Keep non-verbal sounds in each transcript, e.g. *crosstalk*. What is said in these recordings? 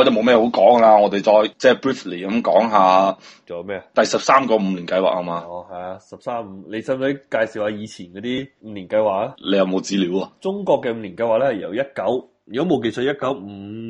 我就冇咩好講啦，我哋再即係 briefly 咁講下，仲有咩啊？第十三個五年計劃係嘛？哦，係啊，十三五，你使唔使介紹下以前嗰啲五年計劃啊？你有冇資料啊？中國嘅五年計劃咧，由一九。如果冇記錯，一九五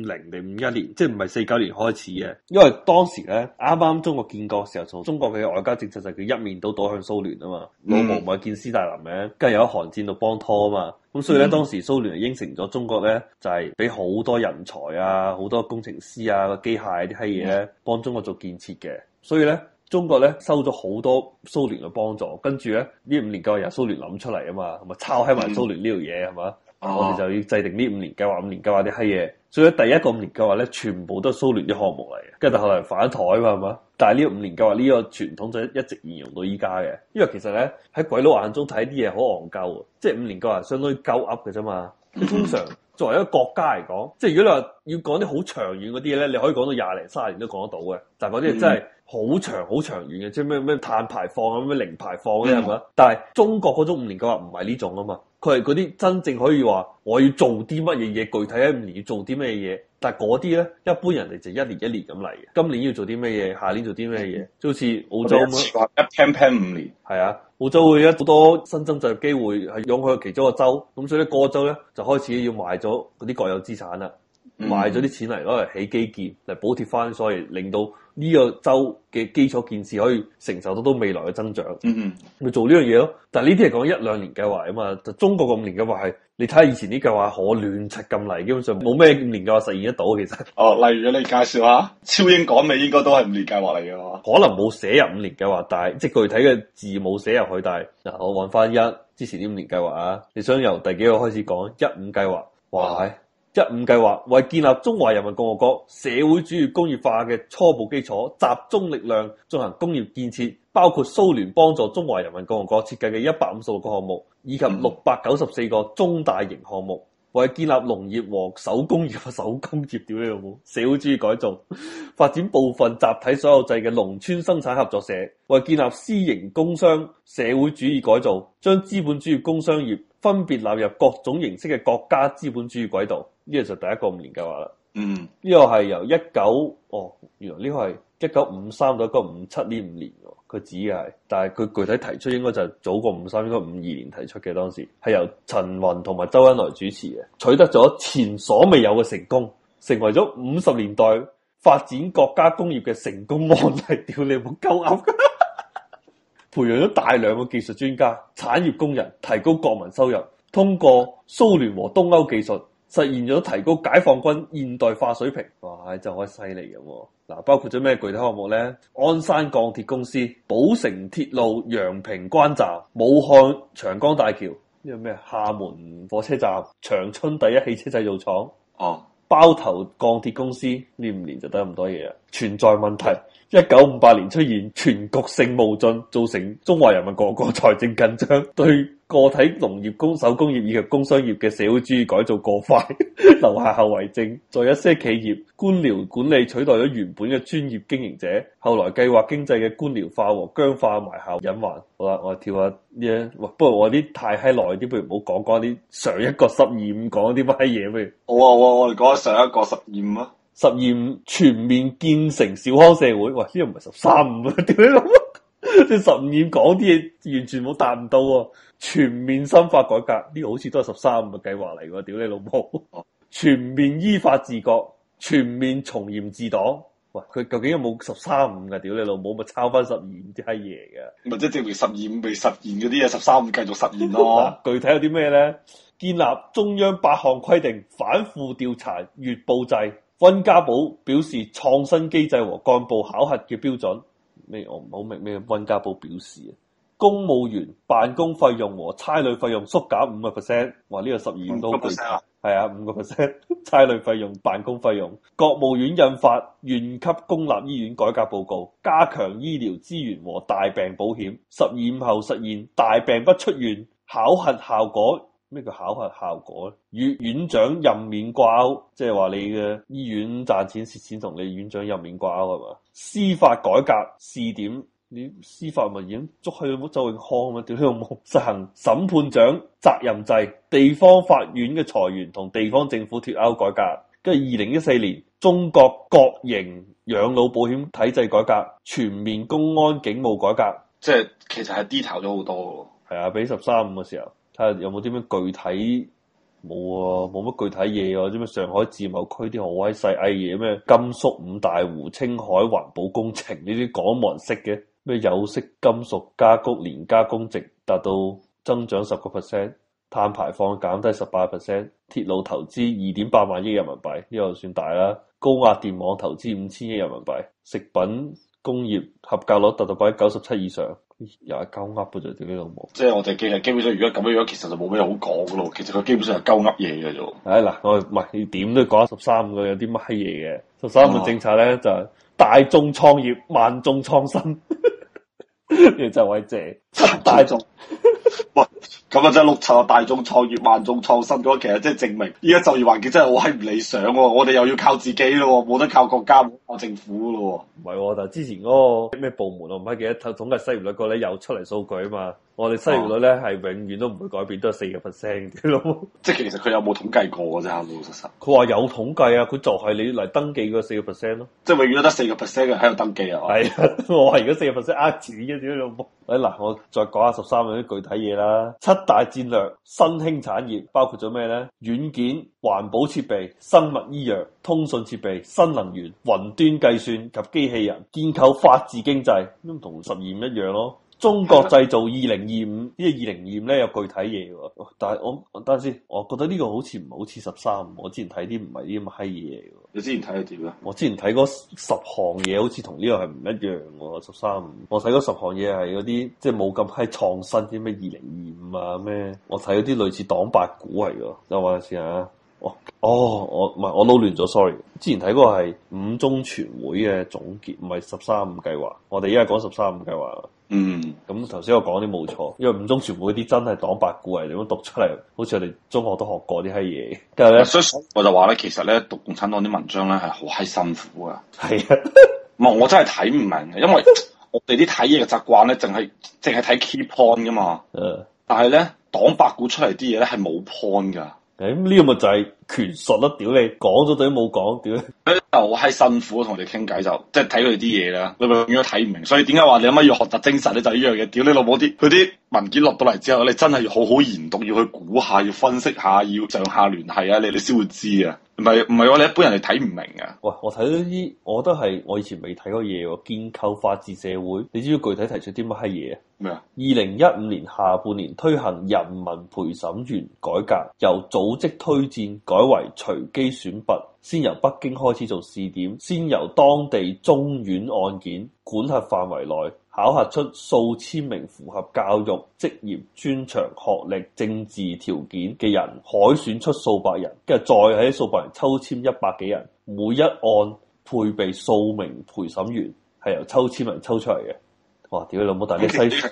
零定五一年，即係唔係四九年開始嘅？因為當時咧啱啱中國建國時候，做中國嘅外交政策就係佢一面都倒向蘇聯啊嘛。嗯、老毛唔係見斯大林咩？跟住有喺韓戰度幫拖啊嘛。咁所以咧，當時蘇聯就應承咗中國咧，就係俾好多人才啊、好多工程師啊、機械呢啲嘢，幫中國做建設嘅。所以咧，中國咧收咗好多蘇聯嘅幫助。跟住咧呢五年夠係由蘇聯諗出嚟啊嘛，咪、就是、抄喺埋蘇聯呢樣嘢係嘛？嗯。Uh huh. 我哋就要制定呢五年計劃、五年計劃啲閪嘢，所以第一個五年計劃咧，全部都係蘇聯啲項目嚟嘅。跟住後嚟反台嘛係嘛？但係呢五年計劃呢個傳統就一直沿用到依家嘅。因為其實咧喺鬼佬眼中睇啲嘢好戇鳩，即係五年計劃相當於鳩噏嘅啫嘛。通常作為一個國家嚟講，即係如果你話要講啲好長遠嗰啲嘢咧，你可以講到廿零卅年都講得到嘅。但係嗰啲真係好長好長遠嘅，即係咩咩碳排放啊咩零排放嗰啲係嘛？但係中國嗰種五年計劃唔係呢種啊嘛。佢係嗰啲真正可以話，我要做啲乜嘢嘢，具體一年要做啲咩嘢，但係嗰啲咧，一般人哋就一年一年咁嚟嘅。今年要做啲咩嘢，下年做啲咩嘢，嗯、就好似澳洲咁樣，一 plan plan 五年，係啊，澳洲會一好多新增就業機會係擁佢其中一個州，咁所以咧個州咧就開始要賣咗嗰啲國有資產啦，嗯、賣咗啲錢嚟攞嚟起基建，嚟補貼翻，所以令到。呢個州嘅基礎建設可以承受得到未來嘅增長，咪、嗯嗯、做呢樣嘢咯。但係呢啲係講一兩年計劃啊嘛，就中國個五年計劃係你睇下以前啲計劃可亂七咁嚟，基本上冇咩五年計劃實現得到其實。哦，例如你介紹下超英趕美應該都係五年計劃嚟嘅嘛？可能冇寫入五年計劃，但係即係具體嘅字冇寫入去。但係嗱、呃，我揾翻一之前啲五年計劃啊，你想由第幾個開始講？一五計劃話係。一五計劃為建立中華人民共和國社會主義工業化嘅初步基礎，集中力量進行工業建設，包括蘇聯幫助中華人民共和國設計嘅一百五十六個項目以及六百九十四個中大型項目。為建立農業和手工業、手工業點樣社會主義改造，發展部分集體所有制嘅農村生產合作社。為建立私營工商社會主義改造，將資本主義工商業分別納入各種形式嘅國家資本主義軌道。呢個就第一個五年計劃啦。嗯，呢個係由一九哦，原來呢個係一九五三到一九五七年五年。佢指嘅係，但係佢具體提出應該就早過五三，應該五二年提出嘅。當時係由陳雲同埋周恩來主持嘅，取得咗前所未有嘅成功，成為咗五十年代發展國家工業嘅成功案例。屌 *laughs* 你部鳩勾， *laughs* 培養咗大量嘅技術專家、產業工人，提高國民收入，通過蘇聯和東歐技術。實現咗提高解放軍現代化水平，哇！就可以犀利嘅喎，嗱，包括咗咩具體項目呢？鞍山鋼鐵公司、寶成鐵路、陽平關站、武漢長江大橋、呢個咩？廈門火車站、長春第一汽車製造廠、啊，包頭鋼鐵公司呢五年就得咁多嘢啊！存在問題，一九五八年出現全局性冒進，造成中華人民共和國財政緊張，對個體農業、工手工業以及工商業嘅社會主義改造過快， *laughs* 留下後遺症，在一些企業官僚管理取代咗原本嘅專業經營者，後來計劃經濟嘅官僚化和僵化埋下隱患。好啦，我跳下呢一，yeah, 不過我啲太喺耐啲，不如唔好講講啲上一個十二五講啲乜嘢？不如，好啊好啊，我話我我哋講上一個十二五啊。十二五全面建成小康社會，喂，呢個唔係十三五啊，屌你老母！即係十二五講啲嘢完全冇達唔到啊。全面深化改革呢個好似都係十三五嘅計劃嚟嘅，屌你老母！全面依法治國，全面從嚴治黨。喂，佢究竟有冇十三五嘅？屌你老母咪抄翻十二五啲閪嘢嘅，咪即係證明十二五未實現嗰啲嘢，十三五繼續實現咯。啊，具體有啲咩咧？建立中央八項規定，反腐調查月報制。溫家寶表示創新機制和幹部考核嘅標準咩？我唔好明咩？溫家寶表示啊，公務員辦公費用和差旅費用縮減五個 percent。我呢個十二五都好貴。係啊，五個 percent 差旅費用、辦公費用。國務院印發《縣級公立醫院改革報告》，加強醫療資源和大病保險，十二五後實現大病不出院考核效果。咩叫考核效果咧？與院長任免掛鈎，即係話你嘅醫院賺錢蝕錢同你院長任免掛鈎係嘛？司法改革試點，你司法文件捉去周永康啊嘛？點樣實行審判長責任制？地方法院嘅裁員同地方政府脱鈎改革。跟住二零一四年，中國國營養老保險體制改革，全面公安警務改革，即係其實係低頭咗好多嘅。係啊，俾十三五嘅時候。睇下有冇啲咩具體冇啊，冇乜具體嘢啊，啲咩上海自貿區啲好威勢嘅嘢咩？甘、哎、肅五大湖青海環保工程呢啲講模式嘅咩？有色金屬加工連加工值達到增長十個 percent，碳排放減低十八 percent，鐵路投資二點八萬億人民幣呢個算大啦，高壓電網投資五千億人民幣，食品。工業合格率達到百分之九十七以上，又係勾噏嘅啫，自己老母。即係我哋基，基本上如果咁樣樣，其實就冇咩好講㗎咯。其實佢基本上係勾噏嘢嘅啫。唉嗱，我唔係你點都講十三個有啲乜嘢嘅。十三個政策咧就係大眾創業萬眾創新，就就位借」，「大眾。喂，咁啊真係碌柒，大眾創業萬眾創新嗰，其實真係證明依家就業環境真係好閪唔理想喎、哦！我哋又要靠自己咯、哦，冇得靠國家、靠政府咯喎、哦。唔係、哦，但係之前嗰、那個咩部門我唔係記得統統計失業率嗰啲又出嚟數據啊嘛。我哋失業率咧係永遠都唔會改變，都係四個 percent 嘅咯。即係其實佢有冇統計過嘅啫，老老實實。佢話有統計啊，佢就係你嚟登記嗰四個 percent 咯。即係永遠都得四個 percent 嘅喺度登記啊。係，我話如果四個 percent 呃錢嘅點樣？誒，嗱， *laughs* 我再講下十三啲具體嘢啦。七大戰略新興產業包括咗咩咧？軟件、環保設備、生物醫藥、通訊設備、新能源、雲端計算及機器人。建構法治經濟，咁同十,十二一樣咯。中國製造二零二五，呢個二零二五咧有具體嘢喎。但係我等下先，我覺得呢個好似唔係好似十三五。我之前睇啲唔係啲咁閪嘢嘅。你之前睇到點咧？我之前睇嗰十項嘢，好似同呢個係唔一樣。5, 十三五，啊，我睇嗰十項嘢係嗰啲即係冇咁閪創新啲咩二零二五啊咩？我睇嗰啲類似黨八股嚟嘅。等我下先嚇。哦，哦，我唔係我撈亂咗，sorry。之前睇嗰個係五中全會嘅總結，唔係十三五計劃。我哋而家講十三五計劃。嗯，咁頭先我講啲冇錯，因為五中全部嗰啲真係黨八股嚟，點樣讀出嚟？好似我哋中學都學過啲閪嘢。但係咧，所以我就話咧，其實咧讀共產黨啲文章咧係好閪辛苦是啊。係 *laughs* 啊，唔係我真係睇唔明，因為我哋啲睇嘢嘅習慣咧，淨係淨係睇 key point 噶嘛。嗯。但係咧，黨八股出嚟啲嘢咧係冇 point 噶。咁呢個咪就係權術咯，啊，屌你講咗對冇講，屌！又係辛苦同你哋傾偈，就即係睇佢啲嘢啦，你咪永遠都睇唔明，所以點解話你有乜要學習精神咧？就呢樣嘢，屌你老母啲，佢啲文件落到嚟之後，你真係要好好研讀，要去估下，要分析下，要上下聯繫啊，你你先會知啊！唔係唔係，我哋一般人係睇唔明啊！喂，我睇到啲，我都係我以前未睇過嘢喎。建構法治社會，你知唔知具體提出啲乜嘢啊？咩啊麼？二零一五年下半年推行人民陪審員改革，由組織推薦改為隨機選拔，先由北京開始做試點，先由當地中院案件管轄範圍內。考核出數千名符合教育、職業專長、學歷、政治條件嘅人，海選出數百人，跟住再喺數百人抽籤一百幾人，每一案配備數名陪審員，係由抽籤人抽出嚟嘅。哇！屌你老母，但係你篩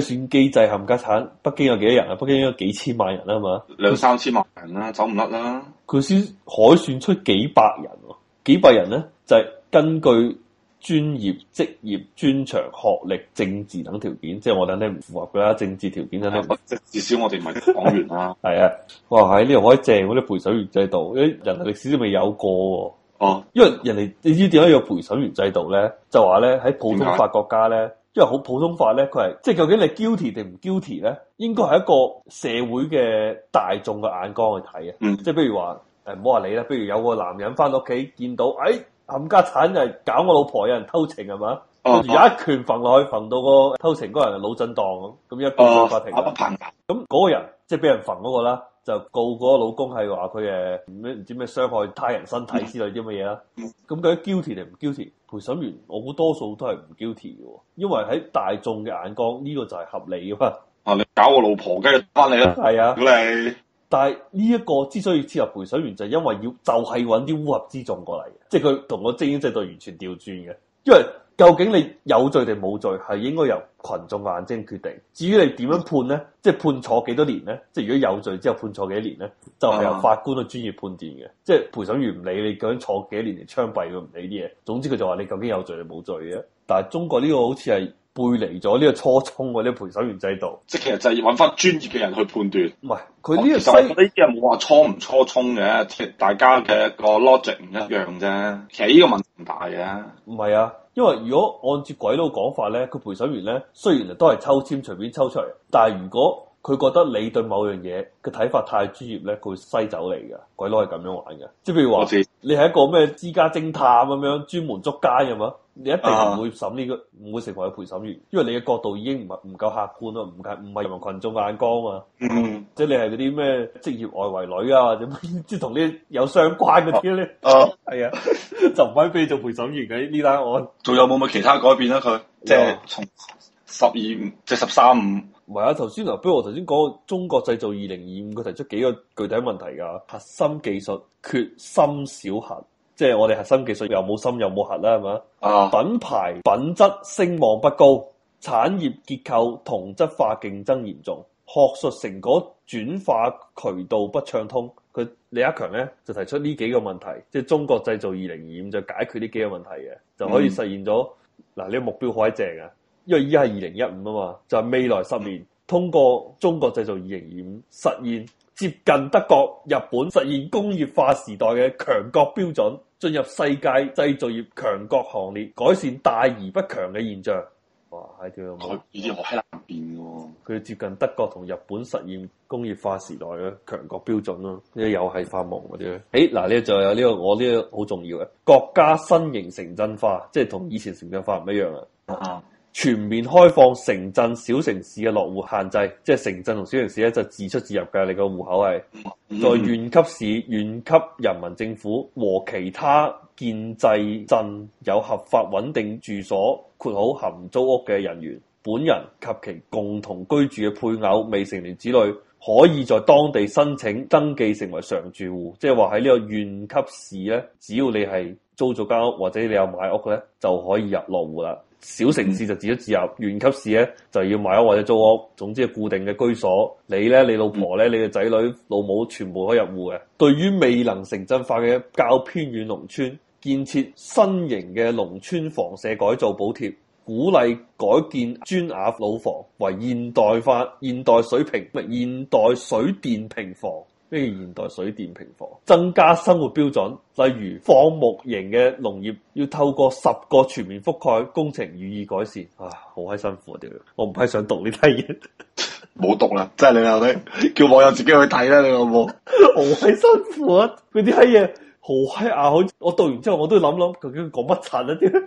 選機制冚家產，北京有幾多人啊？北京應該幾千萬人啦嘛，兩三千萬人啦、啊，走唔甩啦。佢先海選出幾百人、啊，幾百人咧就係、是、根據，專業、職業、專長、學歷、政治等條件，即係我諗咧唔符合佢啦。政治條件真係，至少我哋唔係黨員啦。係啊，哇，係呢樣好正嗰啲陪審員制度，因人類歷史都未有過哦。啊、因為人哋你知點解有陪審員制度咧？就話咧喺普通法國家咧，為因為好普通法咧，佢係即係究竟你「guilty 定唔 guilty」咧？應該係一個社會嘅大眾嘅眼光去睇啊。嗯、即係譬如話，誒唔好話你啦，譬如有個男人翻到屋企見到，誒、哎。冚家鏟就係搞我老婆，有人偷情係嘛？跟住、啊、有一拳揈落去，揈到個偷情嗰人係腦震盪咁，咁一告上法庭。阿咁嗰個人即係俾人揈嗰、那個啦，就告嗰個老公係話佢誒唔知唔知咩傷害他人身體之類啲乜嘢啦。咁究竟 guilty 定唔 guilty？嗯、陪審員我估多數都係唔 guilty 嘅，因為喺大眾嘅眼光呢、這個就係合理嘅嘛。啊，你搞我老婆，梗係翻嚟啦。係啊，好 *laughs* *laughs* 但係呢一個之所以切入陪審員，就係因為要就係揾啲烏合之眾過嚟嘅，即係佢同個精英制度完全調轉嘅。因為究竟你有罪定冇罪，係應該由群眾眼睛決定。至於你點樣判咧，即係判坐幾多年咧，即係如果有罪之後判錯幾年咧，就係、是、由法官嘅專業判斷嘅。即係陪審員唔理你究竟坐幾多年，槍斃佢唔理啲嘢。總之佢就話你究竟有罪定冇罪嘅。但係中國呢個好似係。背離咗呢個初衷喎，啲、這個、陪審員制度。即係其實就係要揾翻專業嘅人去判斷。唔係佢呢個西，呢啲人冇話初唔初衷嘅，大家嘅個 logic 唔一樣啫。其實呢個問題唔大嘅。唔係啊，因為如果按照鬼佬講法咧，佢陪審員咧雖然都係抽籤隨便抽出嚟，但係如果佢覺得你對某樣嘢嘅睇法太專業咧，佢會西走你㗎，鬼佬係咁樣玩嘅。即係譬如話，你係一個咩私家偵探咁、啊、樣，專門捉奸啊嘛，你一定唔會審呢、這個，唔、啊、會成為陪審員，因為你嘅角度已經唔係唔夠客觀啊，唔係唔係人民羣眾眼光啊嘛、嗯啊。即係你係嗰啲咩職業外圍女啊，或者咁即係同啲有相關嗰啲咧。哦，係啊，就唔可以俾你做陪審員嘅呢單案。仲有冇冇其他改變啊？佢即係從十二五即係十三五。唔係啊，頭先嗱，不如我頭先講中國製造二零二五，佢提出幾個具體問題㗎。核心技術缺芯少核，即係我哋核心技術又冇芯又冇核啦，係咪啊？品牌品質聲望不高，產業結構同質化競爭嚴重，學術成果轉化渠道不暢通。佢李克強咧就提出呢幾個問題，即係中國製造二零二五就解決呢幾個問題嘅，就可以實現咗嗱呢個目標，好喺正啊！因為依家係二零一五啊嘛，就係、是、未來十年通過中國製造二零二五，實現接近德國、日本，實現工業化時代嘅強國標準，進入世界製造業強國行列，改善大而不強嘅現象。哇，係點啊？佢又喺南邊喎，佢接近德國同日本，實現工業化時代嘅強國標準咯。呢、這個又係發夢嗰啲誒，嗱、這個，呢、這個就有呢、這個，我呢個好重要嘅國家新型城鎮化，即係同以前城鎮化唔一樣啊。啊、嗯。全面開放城鎮、小城市嘅落戶限制，即係城鎮同小城市咧就是、自出自入嘅。你、個戶口係在縣級市、縣級人民政府和其他建制鎮有合法穩定住所，括好含租屋嘅人員本人及其共同居住嘅配偶、未成年子女，可以在當地申請登記成為常住戶。即係話喺呢個縣級市咧，只要你係租咗間屋或者你有買屋咧，就可以入落戶啦。小城市就自租自入，縣級市咧就要買屋或者租屋，總之係固定嘅居所。你咧、你老婆咧、你嘅仔女、老母全部可以入戶嘅。對於未能城鎮化嘅較偏遠農村，建設新型嘅農村房舍改造補貼，鼓勵改建磚瓦老房為現代化、現代水平唔係現代水電平房。呢個現代水電平房，增加生活標準，例如放牧型嘅農業，要透過十個全面覆蓋工程予以改善。啊，好閪辛苦啊！屌，我唔係想讀呢批嘢，冇讀啦，真係你有屘叫網友自己去睇啦，你有冇？好閪 *laughs* 辛苦啊！嗰啲閪嘢，好閪啊！好，我讀完之後我都諗諗究竟講乜柒啊？屌！ *laughs*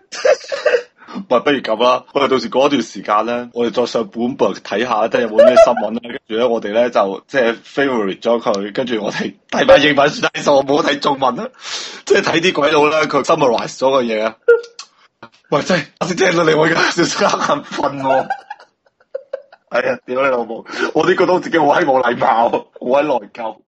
唔不如咁啦，我哋到時過一段時間咧，我哋再上本部睇下，即係有冇咩新聞咧。跟住咧，我哋咧就即係 favorite 咗佢，跟住我睇大版英文其實，我冇睇中文啦，即係睇啲鬼佬啦，佢 summarise 咗嘅嘢啊。 *laughs* 喂，真係我先聽到你，我而家要瞌眼瞓咯。 *laughs* 哎呀，屌你老母，我呢個都自己好閪冇禮貌，好閪內疚。